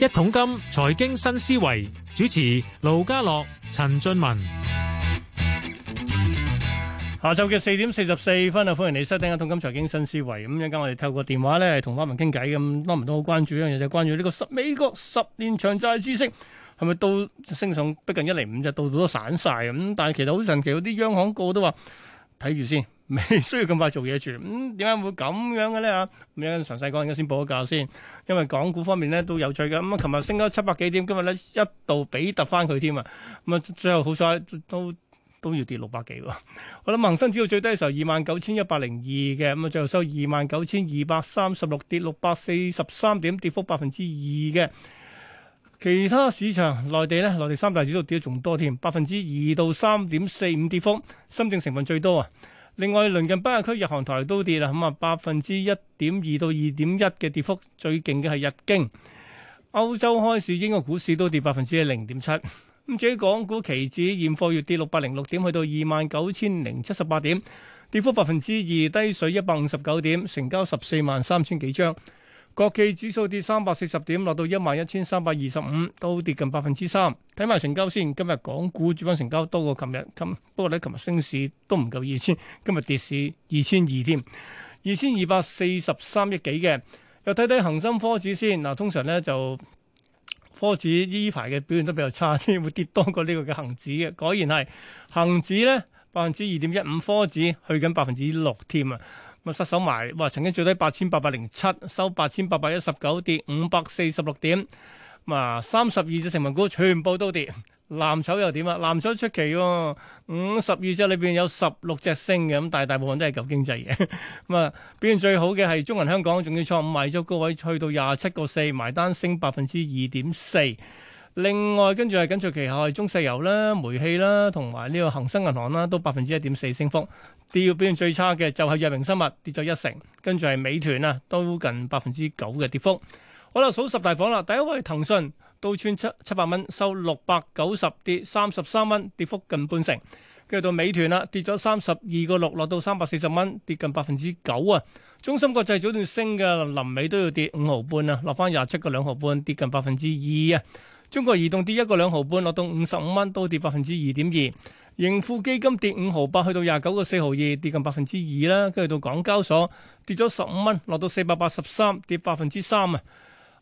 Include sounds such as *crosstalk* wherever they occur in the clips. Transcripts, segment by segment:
一桶金財經新思維，主持盧家樂、陳俊文，下晝嘅四點四十四分啊。歡迎你收聽一桶金財經新思維。咁一陣間我哋透過電話咧，同俊文傾偈。咁俊文都好關注一樣嘢，就係關注呢個十美國十年長債孳息係咪到升上逼近一厘五？就到到都散晒咁。但係其實好神奇，嗰啲央行個都話睇住先。未需要咁快做嘢住，咁點解會咁樣嘅咧？啊，咁樣詳細講而家先補個價先。因為港股方面咧都有趣嘅，咁、嗯、啊，琴日升咗七百幾點，今日咧一度比特翻佢添啊。咁、嗯、啊，最後好彩都都要跌六百幾喎。我諗恆生指數最低嘅時候二萬九千一百零二嘅，咁、嗯、啊，最後收二萬九千二百三十六，跌六百四十三點，跌幅百分之二嘅。其他市場內地咧，內地三大指數跌得仲多添，百分之二到三點四五跌幅。深證成分最多啊。另外，鄰近北亞區日韓台都跌啦，咁啊百分之一點二到二點一嘅跌幅，最勁嘅係日經。歐洲開市，英國股市都跌百分之零點七。咁至於港股期指現貨，月跌六百零六點，去到二萬九千零七十八點，跌幅百分之二，低水一百五十九點，成交十四萬三千幾張。國企指數跌三百四十點，落到一萬一千三百二十五，都跌近百分之三。睇埋成交先，今日港股主板成交多過琴日，咁不過咧，琴日升市都唔夠二千，今日跌市二千二添，二千二百四十三億幾嘅。又睇睇恒生科指先，嗱、啊，通常咧就科指呢排嘅表現都比較差啲，會跌多過呢個嘅恒指嘅。果然係恒指咧百分之二點一五，2.15%科指去緊百分之六添啊！咪失手埋，哇！曾經最低八千八百零七，收八千八百一十九，跌五百四十六點。啊，三十二隻成分股全部都跌，藍籌又點啊？藍籌出奇喎、哦，五十二隻裏面有十六隻升嘅，咁但大，大部分都係舊經濟嘅。咁啊，表現最好嘅係中銀香港，仲要創五賣咗高位，去到廿七個四，埋單升百分之二點四。另外，跟住係緊隨其後係中石油啦、煤氣啦，同埋呢個恒生銀行啦，都百分之一點四升幅。跌，表現最差嘅就係藥明生物跌咗一成，跟住係美團啊，都近百分之九嘅跌幅。好啦，數十大榜啦，第一位騰訊都穿七七百蚊，收六百九十，跌三十三蚊，跌幅近半成。跟住到美團啦，跌咗三十二個六，落到三百四十蚊，跌近百分之九啊。中芯國際早段升嘅，臨尾都要跌五毫半啊，落翻廿七個兩毫半，跌近百分之二啊。中國移動跌一個兩毫半，落到五十五蚊，都跌百分之二點二。盈富基金跌五毫八，去到廿九個四毫二，跌近百分之二啦。跟住到港交所，跌咗十五蚊，落到四百八十三，跌百分之三啊。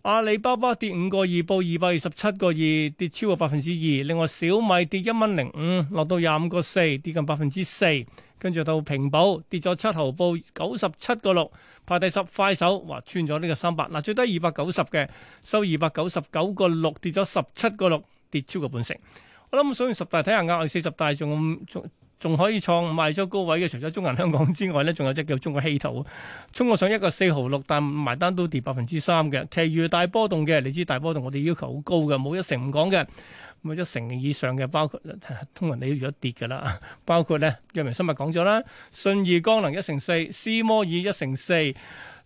阿里巴巴跌五個二，報二百二十七個二，跌超過百分之二。另外小米跌一蚊零五，落到廿五個四，跌近百分之四。跟住到平保跌咗七毫，報九十七個六，排第十。快手哇穿咗呢個三百，嗱最低二百九十嘅收二百九十九個六，跌咗十七個六，跌超過半成。我諗所以十大睇下額外四十大仲。仲可以創賣咗高位嘅，除咗中銀香港之外咧，仲有隻叫中國稀土，衝過上一個四毫六，但埋單都跌百分之三嘅。其餘大波動嘅，你知大波動我哋要求好高嘅，冇一成唔講嘅，咁一成以上嘅、啊，包括通常你如果跌嘅啦，包括咧藥、啊、明生物講咗啦，信義光能一成四，斯摩爾一成四。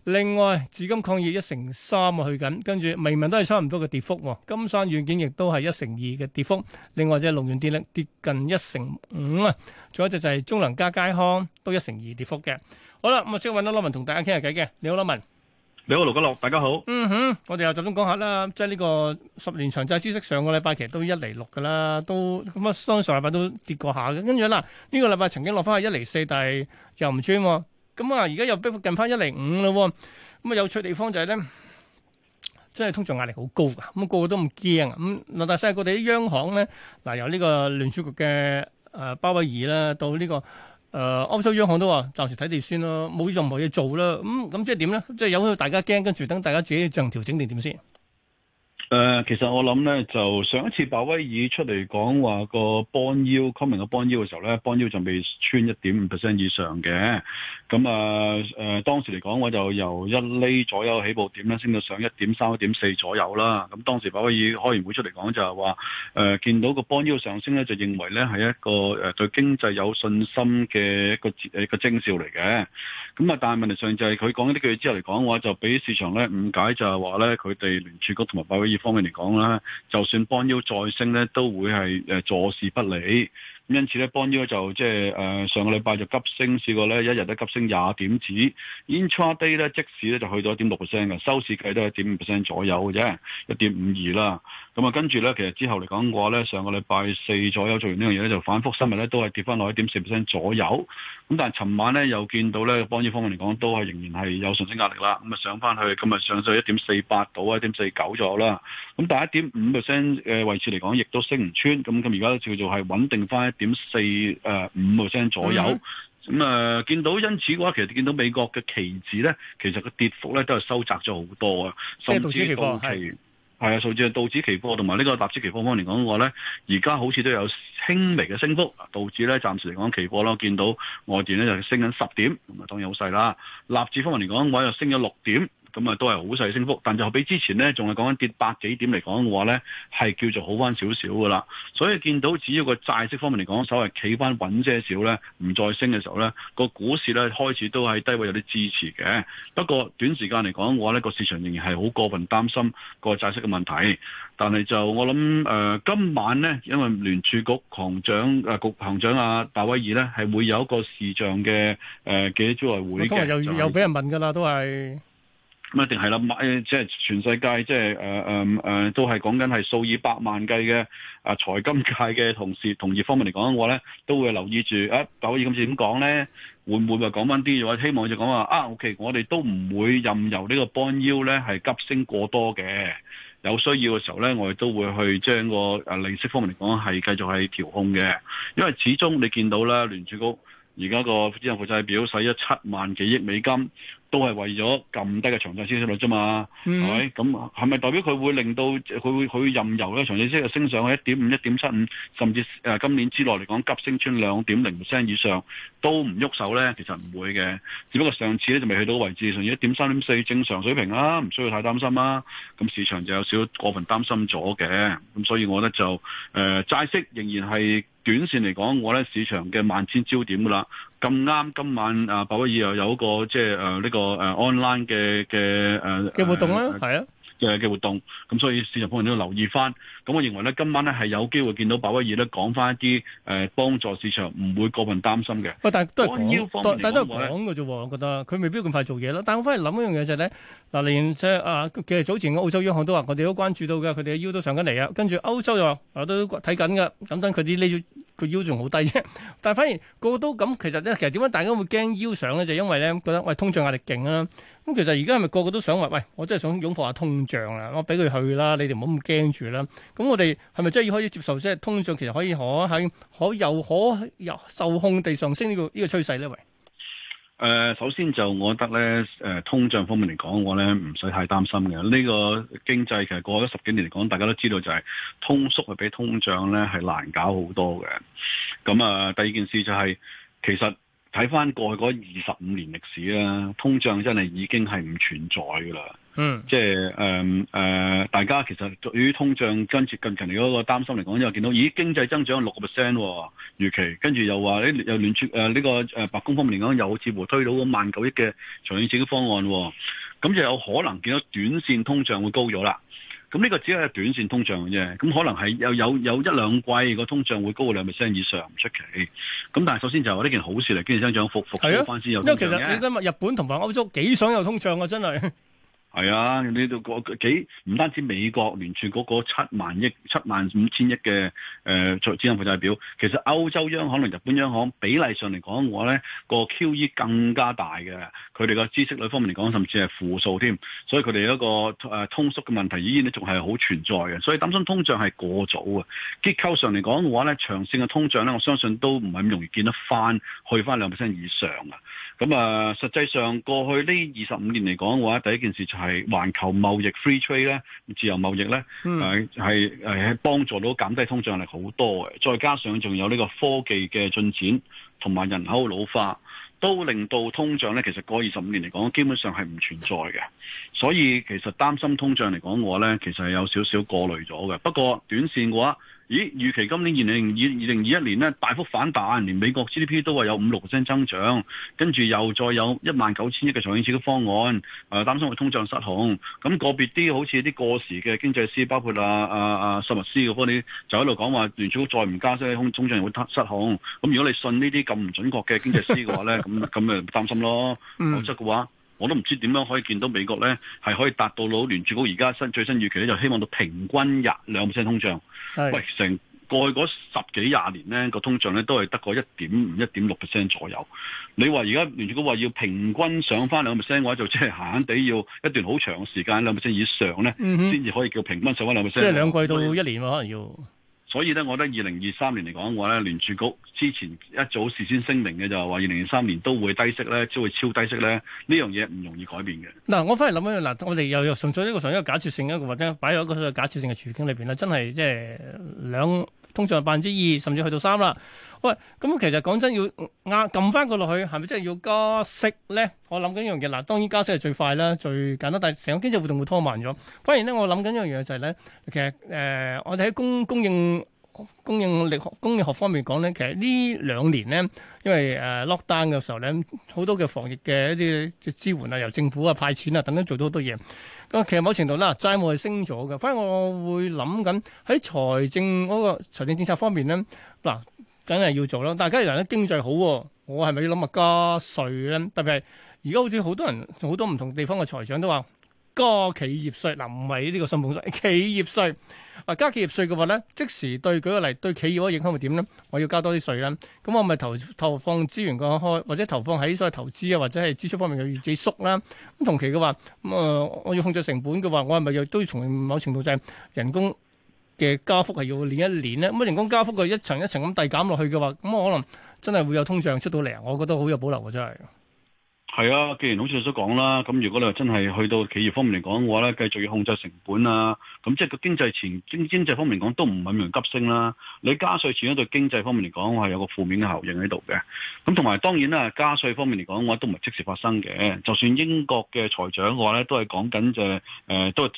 另外，紫金礦業一成三啊，去緊，跟住明明都係差唔多嘅跌幅，哦。金山軟件亦都係一成二嘅跌幅。另外隻龍源電力跌近一成五啊，仲有一隻就係中糧加佳康都一成二跌幅嘅。好啦，咁啊，即係搵到羅文同大家傾下偈嘅。你好，羅文。你好，六九六，大家好。嗯哼，我哋又集中講下啦。即係呢個十年長債知識，上個禮拜其實都一厘六噶啦，都咁啊，當，上個禮拜都跌過下嘅。跟住啦，呢、這個禮拜曾經落翻去一厘四，但係又唔穿，哦。咁啊，而家又逼幅近翻一零五啦，咁啊有趣嘅地方就係、是、咧，真係通脹壓力好高噶，咁個個都唔驚啊，咁嗱但係世界各地央行咧，嗱由呢個聯儲局嘅誒鮑威爾啦，到呢個誒歐洲央行都話暫時睇地先咯，冇做任何嘢做啦，咁咁即係點咧？即係有大家驚，跟住等大家自己進行調整定點先。誒、呃，其實我諗咧，就上一次鮑威爾出嚟講話個 bond yield coming 個 bond yield 嘅時候咧 bond yield 就未穿一點五 percent 以上嘅。咁、嗯、啊，誒、呃呃、當時嚟講，我就由一厘左右起步點咧，升到上一點三、一點四左右啦。咁、嗯、當時鮑威爾開完會出嚟講就係話，誒、呃、見到個 bond yield 上升咧，就認為咧係一個誒對經濟有信心嘅一個誒一個徵兆嚟嘅。咁、嗯、啊，但係問題上就係佢講呢句之後嚟講嘅話，就俾市場咧誤解就係話咧，佢哋聯儲局同埋鮑威爾方面嚟講啦，就算幫腰再升咧，都會係誒坐視不理。因此咧，邦於就即係誒上個禮拜就急升，試過咧一日咧急升廿點子。Intraday 咧，即使咧就去咗一點六 percent 嘅收市計都係一點五 percent 左右嘅啫，一點五二啦。咁啊，跟住咧，其實之後嚟講嘅話咧，上個禮拜四左右做完呢樣嘢咧，就反覆尋日咧都係跌翻落一點四 percent 左右。咁但係尋晚咧又見到咧，邦於方面嚟講都係仍然係有上升壓力啦。咁啊上翻去今日上咗一點四八到一點四九左右啦。咁但係一點五 percent 嘅位置嚟講，亦都升唔穿。咁咁而家叫做係穩定翻。點四誒五 percent 左右，咁、mm-hmm. 誒、嗯呃、見到因此嘅話，其實見到美國嘅期指咧，其實個跌幅咧都係收窄咗好多啊。甚期貨，係啊，數字係道指期貨同埋呢個納指期貨方面嚟講嘅話咧，而家好似都有輕微嘅升幅。道指咧暫時嚟講期貨啦，見到外電咧就是、升緊十點，同埋當然好細啦。納指方面嚟講，我又升咗六點。咁啊，都係好細升幅，但就比之前呢，仲係講緊跌百幾點嚟講嘅話呢，係叫做好翻少少嘅啦。所以見到只要個債息方面嚟講，稍為企翻穩些少呢，唔再升嘅時候呢，個股市呢開始都係低位有啲支持嘅。不過短時間嚟講嘅話呢，個市場仍然係好過分擔心個債息嘅問題。但係就我諗誒、呃，今晚呢，因為聯儲局行長誒、啊、局行長阿、啊、戴威爾呢，係會有一個視像嘅誒、呃、記者招待會嘅。不過又又俾人問噶啦，都係。咁一定係啦，即係全世界、就是，即係誒誒都係講緊係數以百萬計嘅啊財金界嘅同事，同業方面嚟講嘅話咧，都會留意住啊，就好今次點講咧，會唔會話講翻啲嘢？或者希望就講話啊，O.K.，我哋都唔會任由呢個 bond yield 咧係急升過多嘅，有需要嘅時候咧，我哋都會去將個啊利息方面嚟講係繼續係調控嘅，因為始終你見到啦聯儲局而家個資產負債表使咗七萬幾億美金。都係為咗撳低嘅長債息率啫嘛，係、嗯、咪？咁係咪代表佢會令到佢會佢任由嘅長債息息升上去一點五、一點七五，甚至誒今年之內嚟講急升穿兩點零 percent 以上都唔喐手咧？其實唔會嘅，只不過上次咧就未去到位置，上至一點三、點四正常水平啦、啊，唔需要太擔心啦、啊。咁市場就有少少過分擔心咗嘅，咁所以我覺得就誒、呃、債息仍然係。短線嚟講，我咧市場嘅萬千焦點噶啦，咁啱今晚啊，鮑威爾又有一個即係誒呢個誒、呃、online 嘅嘅誒嘅活動啦，係啊。呃嘅嘅活動，咁所以市場方面都要留意翻。咁我認為咧，今晚咧係有機會見到鮑威爾咧講翻一啲誒幫助市場，唔會過分擔心嘅。喂，但係都係講，但係都係講嘅啫喎。我覺得佢未必要咁快做嘢啦。但係我反而諗一樣嘢就係、是、咧，嗱連即係啊，其實早前個澳洲央行都話，我哋都關注到嘅，佢哋嘅腰都上緊嚟啊。跟住歐洲又話都睇緊嘅，等等佢啲呢？佢腰仲好低啫，但係反而個個都咁，其實咧，其實點解大家會驚腰上咧？就是、因為咧，覺得喂通脹壓力勁啦、啊。咁其實而家係咪個個都想話？喂，我真係想擁抱下通脹啊！我俾佢去啦，你哋唔好咁驚住啦。咁我哋係咪真係要以接受即係通脹？其實可以可喺可又可又受控地上升呢、這個呢、這個趨勢咧？喂！誒、呃，首先就我覺得咧，誒、呃，通脹方面嚟講我呢咧，唔使太擔心嘅。呢、這個經濟其實過咗十幾年嚟講，大家都知道就係、是、通縮係比通脹咧係難搞好多嘅。咁、嗯、啊、呃，第二件事就係、是、其實。睇返過去嗰二十五年歷史啦，通脹真係已經係唔存在噶喇。嗯，即係誒誒，大家其實對於通脹跟住近近嚟嗰個擔心嚟講，又見到咦經濟增長六個 percent 預期，跟住又話啲又亂出誒呢個、呃、白宮方面嚟講又好似乎推到個萬九億嘅財政刺激方案，喎、哦。咁就有可能見到短線通脹會高咗啦。咁、這、呢個只係短線通脹嘅啫，咁可能係有有有一兩季個通脹會高過兩 percent 以上唔出奇，咁但係首先就話呢件好事嚟，經濟增長復復起翻先有通脹。因為其實你今日日本同埋歐洲幾想有通脹啊，真係。係啊，你都幾幾唔單止美國聯儲嗰個七萬億、七萬五千億嘅誒財資產負債表，其實歐洲央行同日本央行比例上嚟講，我、那、咧個 QE 更加大嘅，佢哋個知識率方面嚟講，甚至係負數添，所以佢哋一個通縮嘅問題依然咧仲係好存在嘅，所以擔心通脹係過早啊。結構上嚟講嘅話咧，長線嘅通脹咧，我相信都唔係咁容易見得翻去翻兩 percent 以上啊。咁啊，實際上過去呢二十五年嚟講嘅話，第一件事就係、是係環球貿易 free trade 咧，自由貿易咧，係係係幫助到減低通脹力好多嘅。再加上仲有呢個科技嘅進展，同埋人口老化，都令到通脹咧。其實過二十五年嚟講，基本上係唔存在嘅。所以其實擔心通脹嚟講嘅話咧，其實係有少少過慮咗嘅。不過短線嘅話，咦，預期今年二零二二零二一年咧大幅反彈，連美國 GDP 都話有五六個 percent 增長，跟住又再有一萬九千億嘅財政刺激方案，誒、呃、擔心會通脹失控，咁、嗯、個別啲好似啲過時嘅經濟師，包括啊啊啊塞物師嗰啲，就喺度講話聯儲局再唔加息，通通脹又會失失控。咁如果你信呢啲咁唔準確嘅經濟師嘅話咧，咁咁咪擔心咯，否則嘅話。我都唔知點樣可以見到美國咧，係可以達到到聯儲局而家新最新預期咧，就希望到平均廿兩 percent 通脹。喂，成過去嗰十幾廿年咧，個通脹咧都係得個一點五、一點六 percent 左右。你話而家聯儲局話要平均上返兩 percent 嘅話，就即係閒閒哋要一段好長嘅時間兩 percent 以上咧，先、嗯、至可以叫平均上返兩 percent。即係兩季到一年可能要。哎所以咧，我覺得二零二三年嚟講嘅話咧，聯儲局之前一早事先聲明嘅就係話，二零二三年都會低息咧，都會超低息咧，呢樣嘢唔容易改變嘅。嗱，我翻嚟諗一諗，嗱，我哋又又純粹呢個純一個假設性一個或者擺喺一個假設性嘅處境裏面，咧，真係即係兩。兩通常係百分之二，甚至去到三啦。喂，咁其實講真，要壓撳翻個落去，係咪真係要加息咧？我諗緊一樣嘢，嗱，當然加息係最快啦，最簡單，但係成個經濟活動會拖慢咗。反而咧，我諗緊一樣嘢就係、是、咧，其實誒、呃，我哋喺供供應。供應力學、供應學方面講咧，其實呢兩年咧，因為誒 lockdown 嘅時候咧，好多嘅防疫嘅一啲支援啊，由政府啊派錢啊等等做，做到好多嘢。咁其實某程度啦，債務係升咗嘅。反正我會諗緊喺財政嗰個財政政策方面咧，嗱，梗係要做咯。但係今日嚟經濟好，我係咪要諗下加稅咧？特別係而家好似好多人，好多唔同地方嘅財長都話。個企業稅嗱唔係呢個薪俸稅，企業稅啊加企業稅嘅話咧，即時對舉個例，對企業嘅影響會點咧？我要加多啲稅啦，咁我咪投投放資源個開，或者投放喺所謂投資啊，或者係支出方面嘅越嚟越縮啦。咁同期嘅話，咁、嗯、啊、呃、我要控制成本嘅話，我係咪又都要從某程度就係人工嘅加幅係要連一連咧？咁人工加幅佢一層一層咁遞減落去嘅話，咁我可能真係會有通脹出到嚟啊！我覺得好有保留嘅、啊、真係。係啊，既然好似你所講啦，咁如果你話真係去到企業方面嚟講嘅話咧，繼續要控制成本啊，咁即係個經濟前經經濟方面講都唔係咁急升啦。你加稅始終對經濟方面嚟講係有個負面嘅效應喺度嘅。咁同埋當然啦，加稅方面嚟講嘅話都唔係即時發生嘅。就算英國嘅財長嘅話咧，都係講緊就係誒都事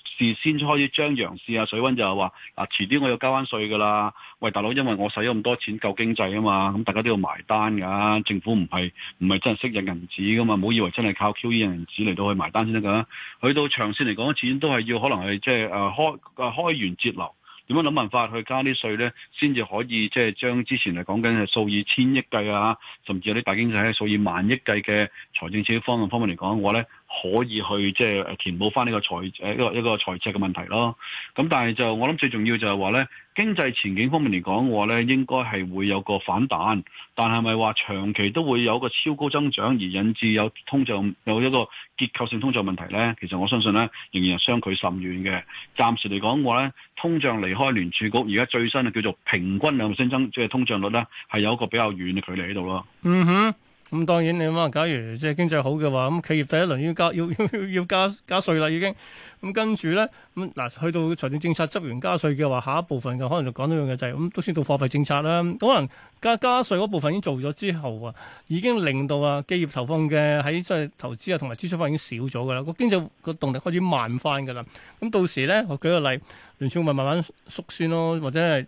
先開始張揚試下水溫，就係話嗱遲啲我要交翻稅㗎啦。喂大佬，因為我使咗咁多錢救經濟啊嘛，咁大家都要埋單㗎、啊。政府唔係唔係真係識印銀紙㗎嘛？我 *music* 以為真係靠 QE 銀紙嚟到去埋單先得噶，去到長線嚟講，始終都係要可能係即係誒開誒開源節流，點樣諗辦法去加啲稅咧，先至可以即係將之前嚟講緊係數以千億計啊，甚至有啲大經濟係數以萬億計嘅財政赤字方面方面嚟講，嘅話咧。可以去即係填補翻呢個財誒一個一個財赤嘅問題咯。咁但係就我諗最重要就係話呢經濟前景方面嚟講，話呢應該係會有個反彈。但係咪話長期都會有個超高增長而引致有通脹有一個結構性通脹問題呢？其實我相信呢，仍然係相距甚遠嘅。暫時嚟講，話呢通脹離開聯儲局而家最新嘅叫做平均兩倍升增，即係通脹率呢係有一個比較遠嘅距離喺度咯。嗯哼。咁、嗯、當然你諗下，假如即係經濟好嘅話，咁企業第一輪要加要要要加加稅、嗯嗯、啦，已經咁跟住咧，咁嗱去到財政政策執完加稅嘅話，下一部分嘅可能就講到樣嘅就係、是、咁、嗯，都先到貨幣政策啦、嗯。可能加加稅嗰部分已經做咗之後啊，已經令到啊基業投放嘅喺即係投資啊同埋支出方已經少咗噶啦，個經濟個動力開始慢翻噶啦。咁、嗯、到時咧，我舉個例，聯儲咪慢慢縮先咯，或者係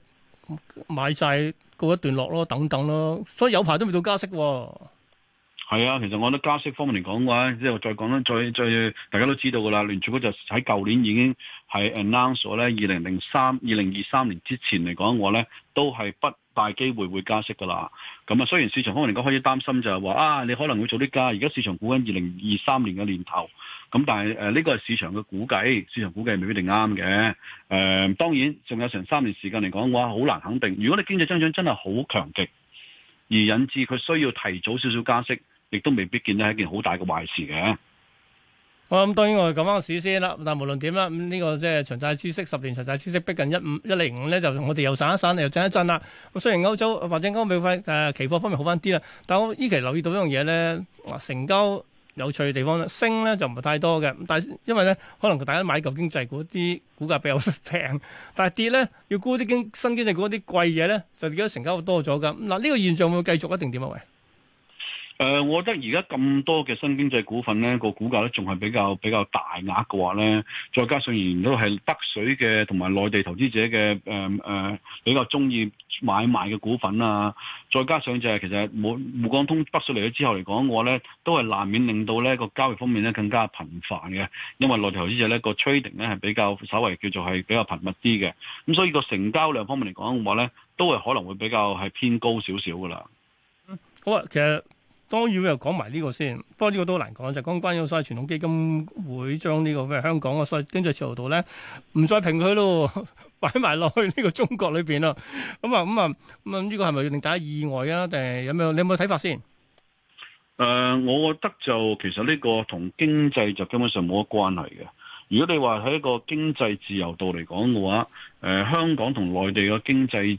買債告一段落咯，等等咯。所以有排都未到加息喎。係啊，其實我覺得加息方面嚟講嘅話，即係再講咧，再再大家都知道噶啦，聯儲局就喺舊年已經係 announce 咗咧，二零零三、二零二三年之前嚟講嘅話咧，都係不大機會會加息噶啦。咁啊，雖然市場方面嚟講開始擔心就係話啊，你可能會做啲加，而家市場估緊二零二三年嘅年頭。咁但係誒呢個係市場嘅估計，市場估計未必定啱嘅。誒、呃，當然仲有成三年時間嚟講嘅話，好難肯定。如果你經濟增長真係好強勁，而引致佢需要提早少少加息。亦都未必見到係一件好大嘅壞事嘅。好啊，咁當然我哋講翻個市先啦。但無論點啦，咁呢個即係長債孳息十年長債孳息逼近一五一零五咧，就同我哋又散一散，又震一震啦。咁雖然歐洲或者歐美誒期貨方面好翻啲啦，但係我依期留意到一樣嘢咧，成交有趣嘅地方咧，升咧就唔係太多嘅。咁但係因為咧，可能大家買舊經濟股啲股價比較平，但係跌咧要沽啲經新經濟股啲貴嘢咧，就而家成交多咗㗎。嗱，呢個現象會繼續一定點啊？喂！誒、呃，我覺得而家咁多嘅新經濟股份咧，個股價咧仲係比較比較大額嘅話咧，再加上而都係得水嘅，同埋內地投資者嘅誒誒比較中意買賣嘅股份啊，再加上就係其實冇滬港通北水嚟咗之後嚟講嘅話咧，都係難免令到咧個交易方面咧更加頻繁嘅，因為內地投資者咧、這個 trading 咧係比較稍微叫做係比較頻密啲嘅，咁、嗯、所以個成交量方面嚟講嘅話咧，都係可能會比較係偏高少少噶啦。好啊，其實。當然又講埋呢個先，不過呢個都難講，就講、是、關於我所謂傳統基金會將呢、這個咩香港嘅所謂經濟自由度咧，唔再評佢咯，擺埋落去呢個中國裏邊啦。咁、嗯、啊，咁、嗯、啊，咁、嗯、呢、嗯這個係咪要令大家意外啊？定係有咩？你有冇睇法先？誒、呃，我覺得就其實呢個同經濟就根本上冇乜關係嘅。如果你話喺一個經濟自由度嚟講嘅話，誒、呃、香港同內地嘅經濟。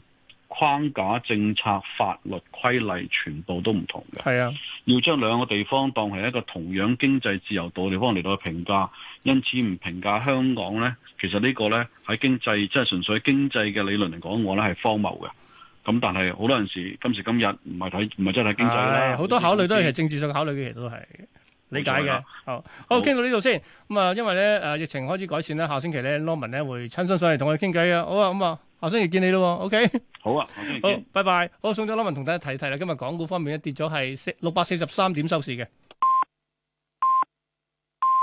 框架、政策、法律規例，全部都唔同嘅。係啊，要將兩個地方當係一個同樣經濟自由度嘅地方嚟到去評價，因此唔評價香港咧，其實這個呢個咧喺經濟即係純粹經濟嘅理論嚟講，我咧係荒謬嘅。咁但係好多陣時今時今日唔係睇唔係真係經濟好、哎、多考慮都係政治上嘅考慮嘅，其實都係理解嘅、啊。好，好傾到呢度先。咁啊，因為咧誒疫情開始改善咧，下星期咧 Norman 咧會親身上嚟同我哋傾偈啊好啊，咁啊。阿生又見你咯，OK？好啊，好，好，拜拜。好，送咗粒文同大家提一提啦。今日港股方面咧，跌咗係四六百四十三點收市嘅。